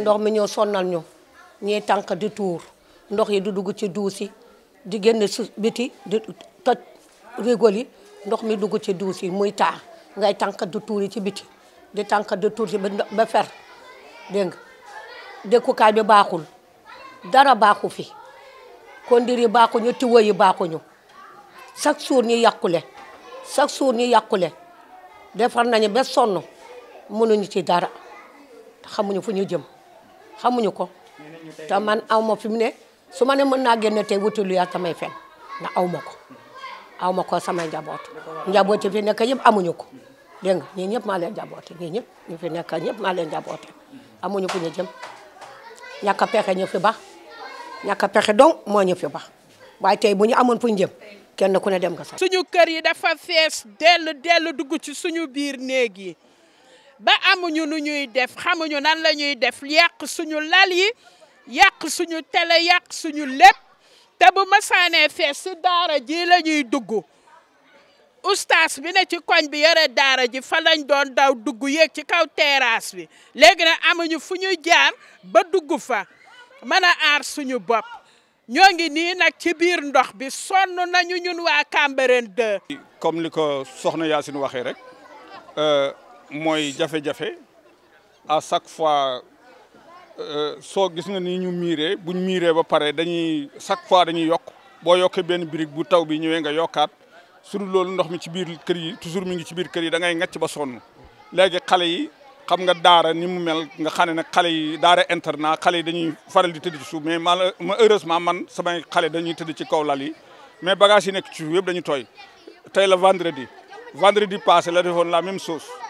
ndox mi ñoo sonnal ñu ñuy tànk di tuur ndox yi du dugg ci duus yi di génn biti di toj rigol yi ndox mi dugg ci duus yi muy taa ngay tànk di tuur yi ci biti di tànk di tuur yi ba fer dégg nga dëkkukaay bi baaxul dara baaxu fi kondir yi baaxuñu tiwo yi baaxuñu chaque jour ñu yàqule chaque jour ñu yàqule defar nañu ba sonn mënuñu ci dara te xamuñu fu ñu jëm xamuñu ko man aw ma fi mu ne su mane mën naa génn tey wutalu yaa samay fen na aw ma ko aw ma ko sama njaboot njaboot yi fi nekk yëpp amuñu ko dégg nga ñii ñëpp maa leen njaboote ñii ñëpp ñu fi nekk ñëpp maa leen njaboote amuñu ko jëm ñàkk pexe ñu fi baax ñàkk a pexe donc moo ñu fi baax waaye tey bu ñu amoon fu ñu jëm kenn ku ne dem nga sax. suñu kër yi dafa fees dellu dellu dugg ci suñu biir néeg ba amuñu nu ñuy def xamuñu nan la ñuy def yàq suñu lal yi yàq suñu tele yàq suñu lépp te bu masaanee fees si daara ji la ñuy dugg ustaas bi ne ci koñ bi yore daara ji fa lañ doon daw dugg yéeg ci kaw terrasse bi léegi nag amuñu fu ñuy jaar ba dugg fa mën a aar suñu bopp ñoo ngi nii nag ci biir ndox bi sonn nañu ñun waa Cambérène 2. comme li ko soxna Yacine waxee rek. Euh, mooy jafe-jafe à chaque fois euh, soo gis nga ni ñu bu buñ miire ba pare dañuy chaque fois dañuy yokk boo yokkee benn brique bu taw bi ñëwee nga yokkaat su loolu ndox mi ci biir kër yi toujours mi ngi ci biir kër yi da ngay ngacc ba sonn léegi xale yi xam nga daara ni mu mel nga xam ne nag xale yi daara internat xale yi dañuy faral di tëdd ci suuf mais ma heureusement man samay xale dañuy tëdd ci kaw lal yi mais bagage yi nekk ci suuf yëpp dañu tooy tey la vendredi vendredi passé la defoon la même chose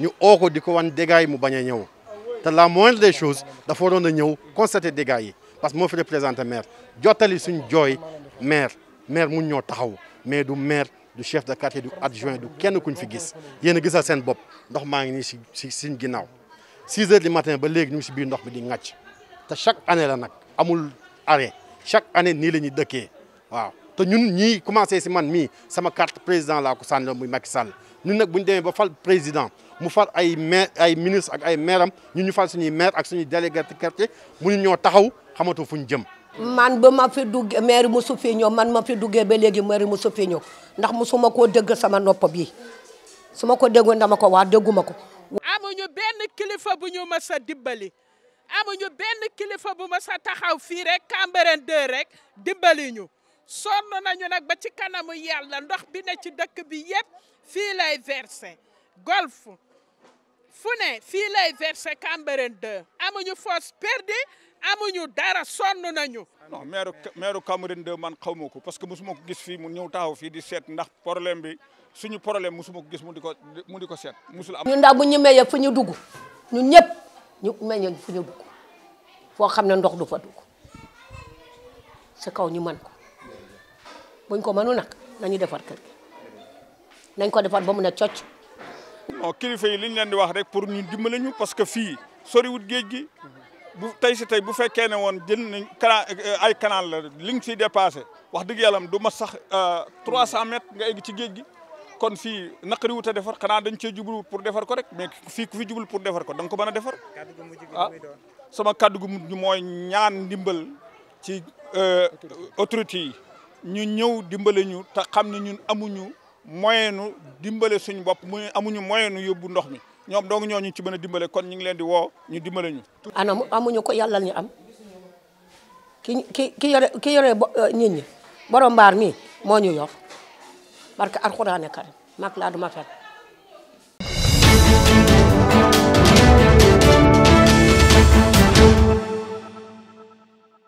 ñu oko ko wan dégâts maire. mu la moindre des choses dafa waroon constater dégâts parce que fi maire jottali maire maire du maire du chef de quartier du adjoint du kenn kuñ fi a une ndox ngi 6 heures du matin ba ñu chaque année la amul arrêt chaque année te ñun ñii commencé si man mii sama carte président la ko sànni muy Macky Sall ñun nag bu ñu demee ba fal président mu fal ay maire ay ministre ak ay maire am ñu fal suñuy maire ak suñuy délégué de quartier mënuñ ñoo taxaw xamatu fu ñu jëm. man ba ma fi duggee maire mosu fee ñëw man ma fi duggee ba léegi maire mosu fee ñëw ndax mosuma koo dëgg sama nopp bi su ma ko déggoon dama ko waa dégguma ko. amuñu benn kilifa bu ñu mës a dimbali amuñu benn kilifa bu mës a taxaw fii rek Cambérène 2 rek dimbali ñu. sonn nañu nag ba ci kanamu yàlla ndox bi ne ci dëkk bi yëpp fii lay versé golf fu ne fii lay versé Cambérène 2 amuñu fosse perdue amuñu dara sonn nañu. non maire maire Cambérène 2 man xaw ma ko parce que mosuma ko gis fii mu ñëw taxaw fii di seet ndax problème bi ñu problème mosuma ko gis mu di ko mu di ko seet mosul am. ñun ndax bu ñu meyee fu ñu dugg ñun ñëpp ñu meyee fu ñu dugg foo xam ne ndox du fa dugg sa kaw ñu mën ko. buñ ko mënul nag nañu defar kër gi nañ ko defar ba mu ne cocc. non kilifa yi liñ leen di wax rek pour ñu dimbale ñu parce que fii sori wut géej gi bu tey si tey bu fekkee ne woon jël nañ canal euh, ay canal la li nga siy dépassé wax dëgg yàlla du ma sax 300 euh, mètres nga egg ci géej gi. kon fii naqari wut a defar xanaa dañ cee jublu pour defar ko rek mais fii ku fi jublu pour defar ko da ko mën a defar. ah sama kàddu gu mujj mooy ñaan ndimbal ci euh, autorité yi. ñu ñëw dimbale ñu ta xam ne ñun amuñu nu dimbale suñ bopp mu amuñu nu yóbbu ndox mi ñoom dong ñoo ñu ci mën a dimbale kon ñu ngi leen di woo ñu dimbale ñu. anam amuñu ko yàlla ñu am ki ki ki yore ki yore euh, nit ñi borom mbaar mi moo ñu yor barke alxuraane karim mag laa du ma fen